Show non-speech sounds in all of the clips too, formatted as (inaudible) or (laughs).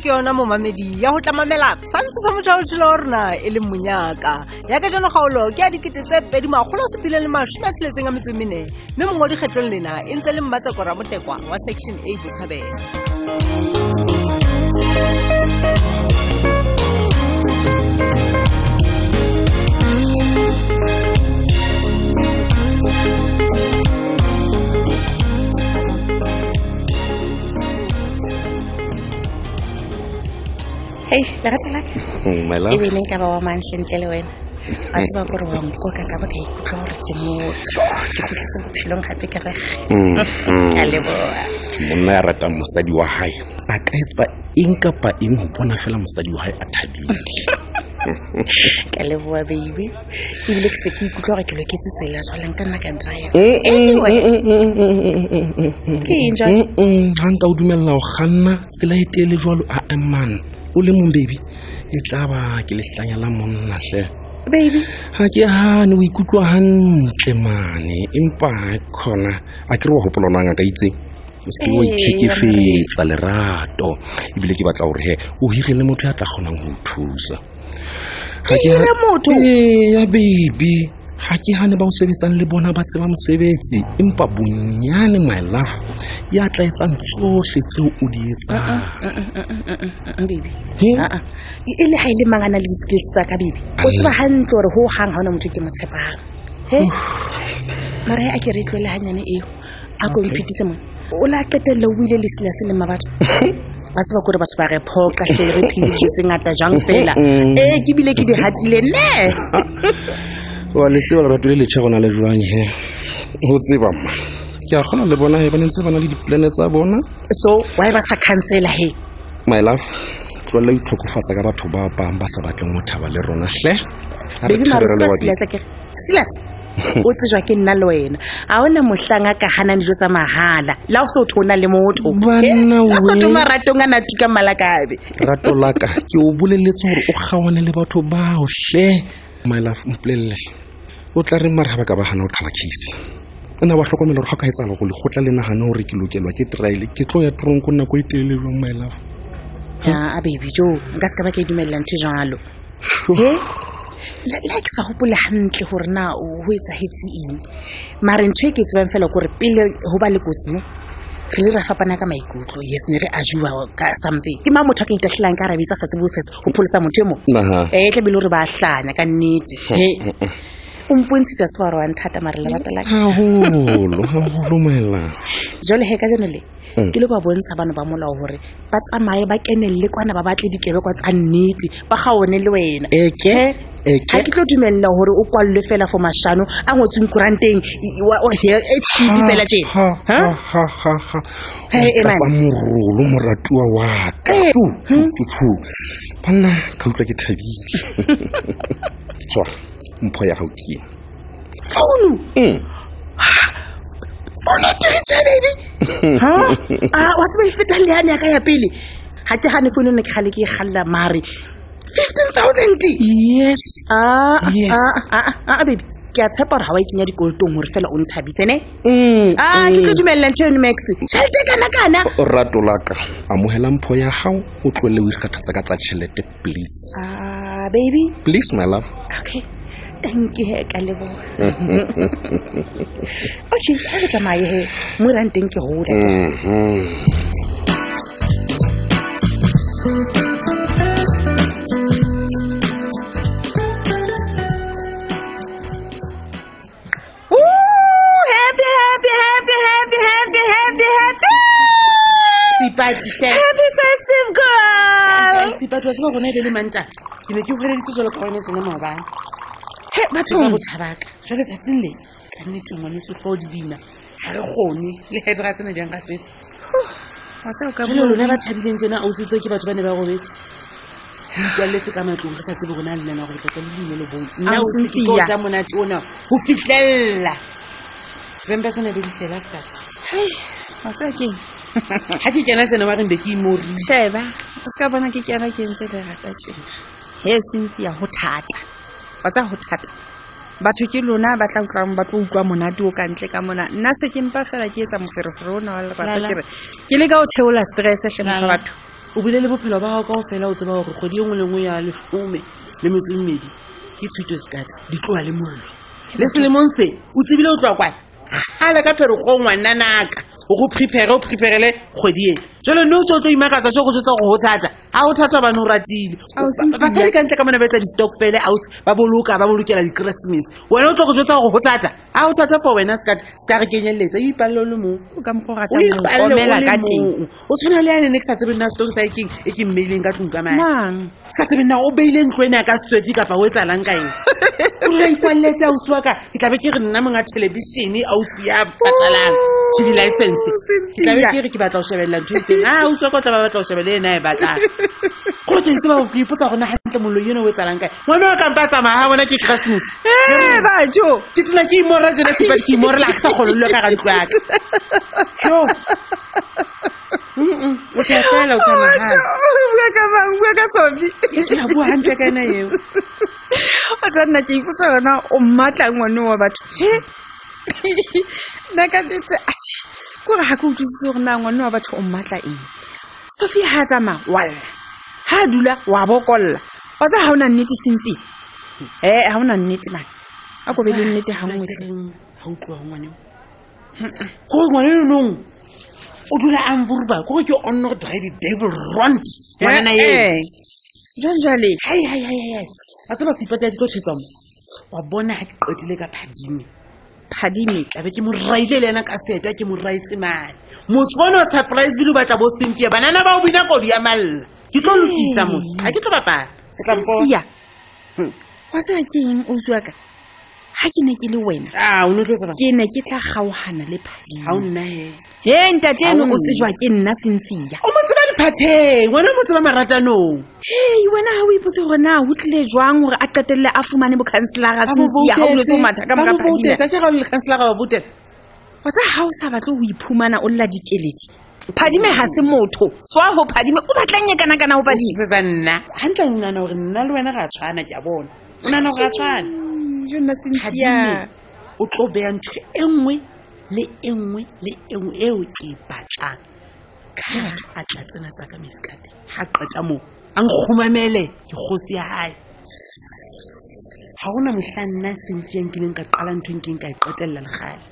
ke yona momamedi ya go tlamamela tshwantshiso mothaotsholo o rona e leng monyaka ya ka jano gaolo ke a dikete tse pedi magolo supileng le masome a tsheletseng a metsemene mme mongwe dikgetlong lena e ntse le mmatsekora motekwa wa section a botshabela hei lerato laka e beneng ka mm, ba wa mantle le wena ba mm. tseba kore wa mkoka ka boka ikutlwa eh, gore ke mo ke kgotlhetse bophelong gape ke rege mm, monna ya ratang mosadi wa gae a ka etsa eng kapa eng go bona fela mosadi wa gae a thabile (laughs) ka leboa baby ebile ke se ke ikutlwa gore ke loketse tsela jwalang ka nna ka drive ke eng ga nka o dumelela go kganna tsela e teele jalo a emane o le mong baby e tla ba ke letlanya la monna hle baby ha ke gane o ikutlwa hantle mane empa khona a ke re wa ka ona ngaka e itseng o seke wa ee, itshekefetsa lerato ebile ke batla gore he o hirile motho ya tla kgonang go thusa thusa ke motho ee, ya baby ga ke gane ba o sebetsang le bona ba tseba mosebetsi empa bonnyane my love e a tla etsang tsotlhe tseo o di etsangbb e le ga e le mangana le di-skills tsa ka bebi o tseba gantle gore go gang ga ona motho ke motshepang he mara e a ke re e tlwele ganyane eo a kompetise mone o le a qetelele o buile lesela se lengma batho (laughs) ba tseba kore batho ba re phoka tle re phedijetse ngata jang (laughs) fela ee eh, ke bile ke di gatile ne (laughs) wa le tseba lerato le letšha gona le dulang he go tseba mma ke a kgona le bona he ba ne ba na le dipolane tsa bona so why e ba sa cancela he my love tlolela itlhokofatsa ka batho ba bang ba sa batleng go thaba le rona hle silas (laughs) o tsejwa ke nna le wena ga ona motlhang a ka ganang dijo tsa mahala la o se o o na le motho asoto maratong a natuka malakabe rato laka ke o boleletse gore o kgaone le batho baotlhe mylaf mpolelele o tla reng mare ga ba ka ba gana go tlhala case ana wa tlhokomela gore ga ka gole go tla le nagane gore ke lokelwa ke trial ke tlo ya ko nako e telele jong mylaf a baby jo nka se ka ba ke dumelela ntho e jalo la ke sa gopole gantle gore na go etsagetse eng mare ntho e ke e tsebang fela gore pele go ba le kotsine re le ra fapana ka maikutlo yes ne re a jua ka something ke ma motho a ka itatlhelang ka rabetsa sa tsebo sese go pholosa motho e mo eh, e tlabe le gore ba tlanya ka nnete (laughs) o mpontshitse tseba gore wa nthata mare lebata jale he ka jano le eh. ke le ba bontsha bana ba molao gore ba tsamaye ba kenelele kwana ba batle dikebekwa tsa nnete ba gaone le wena eke ga eh, ke tlo dumelela gore o kwallwe fela for mašano a ngotsweng kuranteng e cheape fela jenatsa eh, morolo moratuwa wa ka eh, hm. banna ka utlwa ke thabile tswa (laughs) mpho ya gaukeng founu hmm. founu tiritse baby (laughs) ah, wa tseba e fetang leane ya ka ya pele ga ke gane founu ne ke gale ke e galela mare 2000 yes ah yes. ah ah ah baby ke a tshepa gore ga wa ikenya dikolotong gore fela o nthabise ne a ke tlo dumelelang tšhono max tšhelete kanakana ratolaka amogela mpho ya gago o tlwele o ikgathatsa ka tsa tšhelete please ah baby please my love okay thank you he ka leboga okay a re tsamaye he mo ranteng ke gola rona e be le manta ke ne ke hweleditse jalo ka one tsona maobane he bathobotšhabaka jale tsatsi le ka nneteng wanetse fa o di bina ga re kgone le ga dira e tsena jang ga fetsaelona ba tšhabileng jena ausetse ke batho ba ne ba robetse ikwaletse ka matlong re sa tsebe rona a lenana gore tota le dinelo bon nnaa monate ona go fitlhelela rembe sone be di fela sat hai matsakeng ga ke kena tsena ba rembe ke imoriseba o seka bona ke kena ke ntse lerata tsena he sentse ya go thata wa tsa go thata batho ke lona ba tla utlwang ba tlo utlwa monate o ka ntle ka mona nna se ke mpa fela ke etsa moferefere ona wa lerata kere ke le ka o theola stress tlhemoga batho o bile le bophelo ba gago ka go fela o tseba gore kgodi e nngwe le nngwe ya lefome le metse mmedi ke tshwito sekate di tloa le mollo le selemong se o tsebile o tlwa kwa gale ka phere go ngwananaka Vous prepare on le kgwedi e jalo ne o tse o tlo imakatsa jo go thata ga o thata bane go ratile basadi ka ntle ka mone ba etsa di-stock fele out ba boloka ba bolokela di-christmas wena o tlo go jetsa gore go thata ga o thata for wena sekate se ka re kenyeleletsa o ipalele o le mongwepaleleo o tshwana le yanene ke sa tsebe nna stong sa keng e ke mmeileng ka tlong ka mae sa tsebe nna o beile ntlo ene ya ka setswetsi kapa o e tsalang ka eng (laughs) ore ipaleletse ausi wa ka ke tlabe ke re nna monga thelebišene ausi ya patalang tv licenseke oh, tlabe ke re ke batla go shebelela ntho e seng a ausi wa ka o tla ba batla go shebele ena e batlang gore ke ntse ba go ipotsa gona gantle mollo yone o e tsalang kae ngwana o kampa tsamaya ga bona ke christmas e eh, bajo ke tena ke imorra jona sepa ke imorrela ke sa kgololelwe ka gantlo yaka o tlaela o tsamaabua ka mang bua ka sofia bua gantle ka ena eo o tsa nna ke ipotsa yona o mmatlang ngwane wa batho nna ka nete ache kore ga ke utlwisitse gore na ngwane wa batho o mmatla eng sophia ga a tsamaya walla ga a dula wa bokolola wa tsa ga o na nnete sentse ee ga o na nnete mane a kobe le nnete gangwegore ngwane nonong o dula a mvoruva kore ke onno drive devil rond ngwanana eh, eh. jajale a tsa ba seipatsa ya dikotshetswa mo wa bona ga ke qetile ka phadimi phadimetla be ke mo raile le ena ka seta ke mo raetse mane motsone wa surprise bile o batla bo sentia banana ba o boina kodu ya malela ke tlo lokisa mo ga ke tlo bapalaa kwa sena ke eng osi waka ga ke ne ke le wena ke ne ke tla gaogana le phadimo e ntate eno o tsejwa ke nna sentsia phatheng wena motse ba maratanong ei wena ga o ipotse gorena o tlile jwang gore a qetelele a fumane bocouncelara seaoleseomathakaaaoeaeaoea o sa ga o sa batle go iphumana o lela dikeledi phadime ga se motho soa go phadime o batlangye kana-kana o padisetsa nna gantle o nana gore nna le wena ga tshwana ke a bona o nana gore a tshwanaa o tlo beya ntho e nngwe le e nngwe le e nngwe eo ke e batlang kara a tla tsena tsaka mesekate ga qeta moo a nkgumamele ke kgosi ya gae ga gona motlha nna sentsiyang ke neng ka qala ntho eng ke ka e qetelela le gale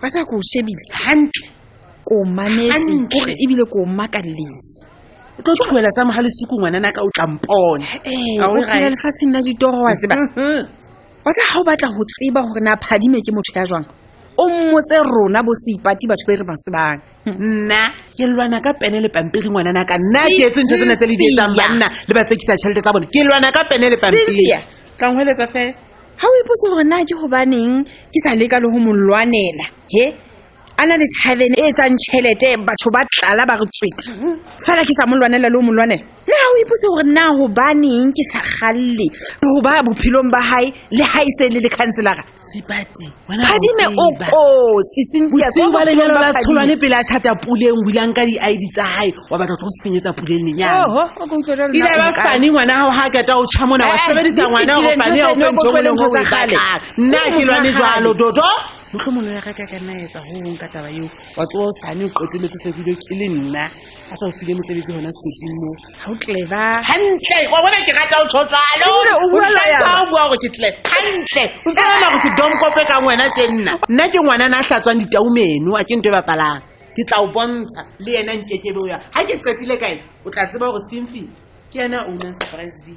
wa hmm. sa ko shebile gantle ko mametsekore ebile ko maka lesi o e tlo thubela sa moga lesuku ngwanana ka o tlamponelefatsheng la ditoro wa tseba (laughs) wa sa ga o batla go tseba gore na phadime ke motho ya jwang o mmotse rona bosipati batho ba re batsebang nna ke lwana ka pene le pampiri ngwanana ka nna ke etse ntho tsena tse le dietsang banna le batsekisa tšhelete tsa bone ke lwana ka pene le pampiritlangeletsa fela ga o ipotse gore na ke gobaneng ke sa leka le go molwanela he a na le tšhaven e e tsang tšhelete batho ba tlala ba re tswete fela ke sa molwanela le go molwanela na o ipotse gore na gobaneng ke sa galle goba bophelong ba gae le ga e se le le councelara sebati phadime o oh, kotsi oh, sentseng ba lenyalo la tsholwane pele a chata puleng bulang ka di-id tsa hae wa batla tlo go senyetsa puleng lenyaloile ba fane ngwana gago ga keta o tšha mona wa eh, sebedisa ngwana go fane ya ofe ntho moleng go gale nna ke lwane jalo dodo motlhomolo ya ka ka ka nna etsa go bong ka taba eo wa tsoa o sane o qeteletse sebilo ke le nna a sa o file mosebetsi gona sekoting moo ga o tleba gantle wa bona ke rata o tshotsaloa o bua gore ke tle gantle o tlelela go ke domkope ka ngwena tse nna nna ke ngwanana a tlhatswang ditaumeno a ke nto e bapalang ke tla o bontsha le yena nkekebe o ya ga ke qetile kae o tla tseba gore simfi ke yena owner surprise vi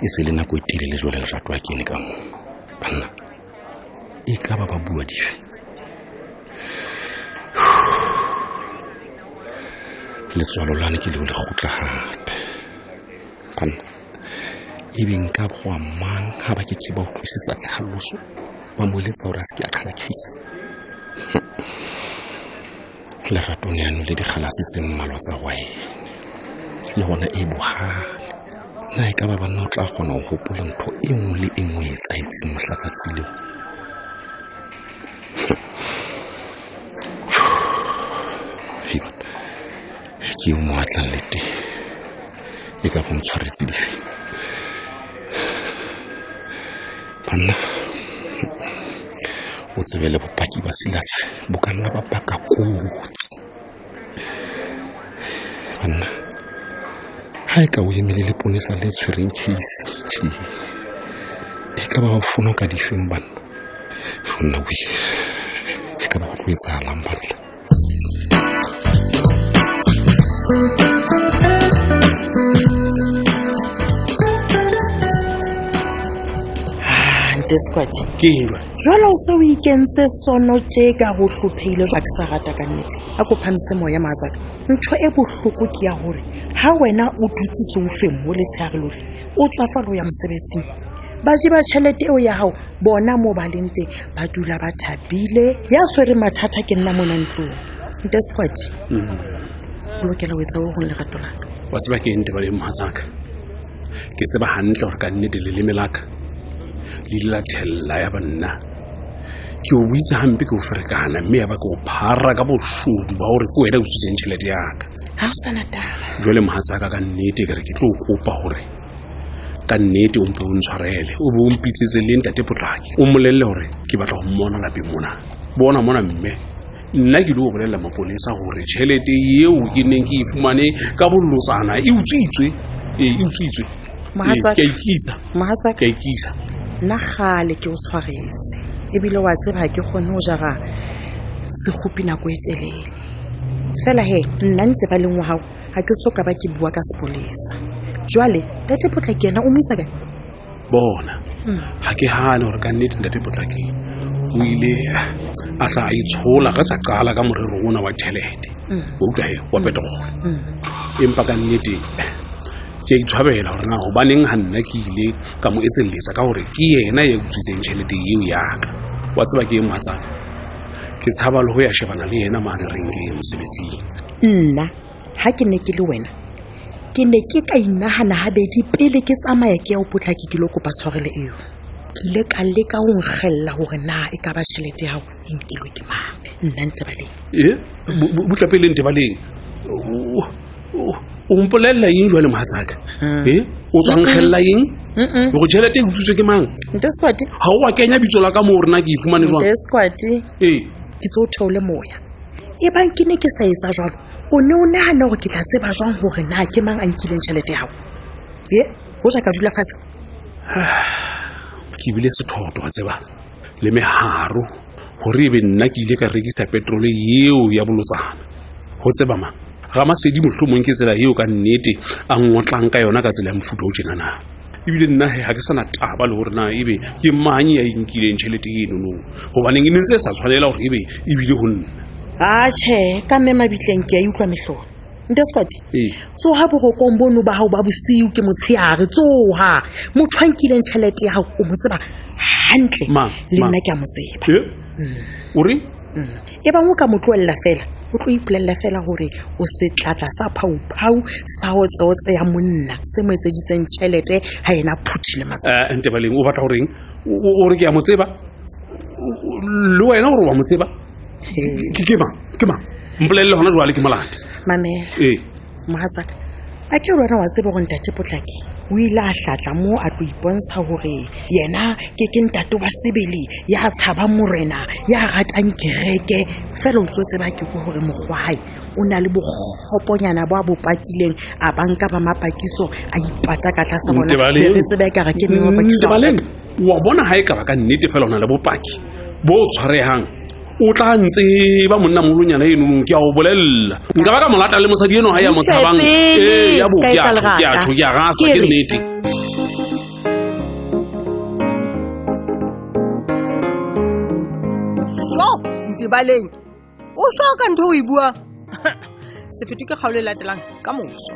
e se le nako e telele jole lerato a kene ka mo banna e ka ba ba bua dife letswalo lane ke leo le gotla gape banna e be nka goa mang ga ba ke ke ba utlwisisa tlhaloso ba moeletsa gore a se ke a kgala case hm. leratong yanong le dikgalatse tse mmalwa tsa gwaene le gona e bogale na e ka ba banna o tla kgona ho hopola ntho e nngwe le e nngwe e tsaetseng motlatsatsi leo ke o mo le teng e ka bontshwaretse difeng banna o tsebele bopaki ba silase bo ka nna ba baka ha ka o emele leponisa le tshwereng case e e ka ba gafono ka difeng banna gonna o e ka ba go tlo e tsagalang banna ah, jalo o se o ikentse sono je ka go tlhopheile ga ke sa rata ka nnete a kophamise moya maatsaka ntho e bohloko ke ya gore ga wena o dutse soufeng mo letshegare lotlhe o tswa fa ya mosebetsing ba ba tšhelete eo ya gago bona mo ba leng teng ba dula ba thabile ya tshwere mathata ke nna mo nantlong nte mm. o lokela o etsa o gong lerato laka wa tseba ke eng ba le mogatsaka ke tseba gantle gore ka nnete leleme laka le ile la thelela ya banna ke o buisa gampe ke o ferekana mme ya ba ke o phara ka bosodu ba gore ke wena o tsitseng tšhelete yaka ha o sana taba jwale mohatsaka ka nnete kere ke tlo o kopa gore ka nnete o mpe o ntshwarele o be o mpitsitse le ntate potlaki o molelele gore ke batla go mmona lapeng mona bona mona mme nna ke o bolelela mapolesa gore tšhelete yeo ke neng ke e fumane ka bollotsana e utswitswe ee e utswitswe ee, ke ikisa nna gale ke o tshwaretse ebile wa tseba ke kgone go jara segopi nako e telele fela he nna ntse ba lengwa gago ga ke soka ba ke bua ka sepolesa jwale tate potla ke ena o mo bona ga hmm. ke gane gore ka nnete ntate potlakeng o ile a tla a itshola ga sa qala ka morero ona wa tšhelete o hmm. e wa petogone hmm. empa ka nnete ke a itshwabela gore na gobaneng ga nna ke ile ka mo etseletsa ka gore ke yena ya utswitseng tšhelete eo yaka wa tseba ke e mogatsaka ke tshaba le go ya shebana le yena maane renke mosebetsing nna ga ke ne ke le wena ke ne ke ka inagana gabedi pele ke tsamaya ke ya o potla ke kile kopa tshwarele eo ke ile ka leka go nkgelela gore na e ka ba tšhelete yago e nkilwe ke mang nna ntebaleng e butlapele ntebaleng o mpolelela eng jwa le mogatsaka hmm. e o tswa eng go tšhelete e utswitswe ke mang ga o wa kenya bitso la ka moo rena ke e fumane jwang ee ke se o theole moya e bang ke ne ke sa etsa jwalo o ne o nahana gore ke tla tseba jwang gore na ke mang a nkileng tšhelete ya gago e go ja dula fatshe ke bile sethoto wa tseba le meharo gore e be nna ke ile ka rekisa petrole yeo ya bolotsana go tseba mang ga masedi motlhomong ke tsela eo ka nnete a ngotlang ka yona ka tsela ya mofuta o tjenanang ebile nna he ga ke sana taba le gore na ebe ke manye ya enkileng tšhelete enono gobaneng e ne ntse e sa tshwanela gore ebe ebile go nna atšhe ka mme mabitleng ke a utlwa metlholo nte squati ee. tsoga borokong bono ba gago ba bosio ke motsheare tsoga motho a nkileng tšhelete ya gago o mo tseba gantle le nna ke a mo tseba ee? mm. ore mm. e bangwe ka mo tloelela fela o tlo ipolelela fela gore o setlatla sa phauphau sa o tseotse ya monna se mo etseditseng tšhelete ga ena phuthile matsantebaleng eh, o batla goreng ore ke ya mo tseba le wena gore wa mo tseba ke mang ke mang mpolelele gona jwale ke molate mamela ee mogatsaka a ke le wena wa tseba go ntate potlake o ile a hlatla moo a tlo ipontsha gore yena ke ke ntate wa sebele ya tshaba morena ya ratang kereke fela o tlo tseba ke ko gore mogwae o na le bogoponyana bo a bo patileng a banka ba mapakiso a ipata ka tlasa bonae tsebe e ke meapakiso wa bona ha e ka ba ka nnete fela o na le bopaki bo tshwarehang o tla ntse ba monna molonyana enono ke a o bolelela nka ba ka molata le mosadi eno ga e ya moshabang ee ya bo ke atho ke a gasa ke nnete so ntebaleng o so ka ntho e o e buang (laughs) sefeto ke kgaolo e latelang ka moso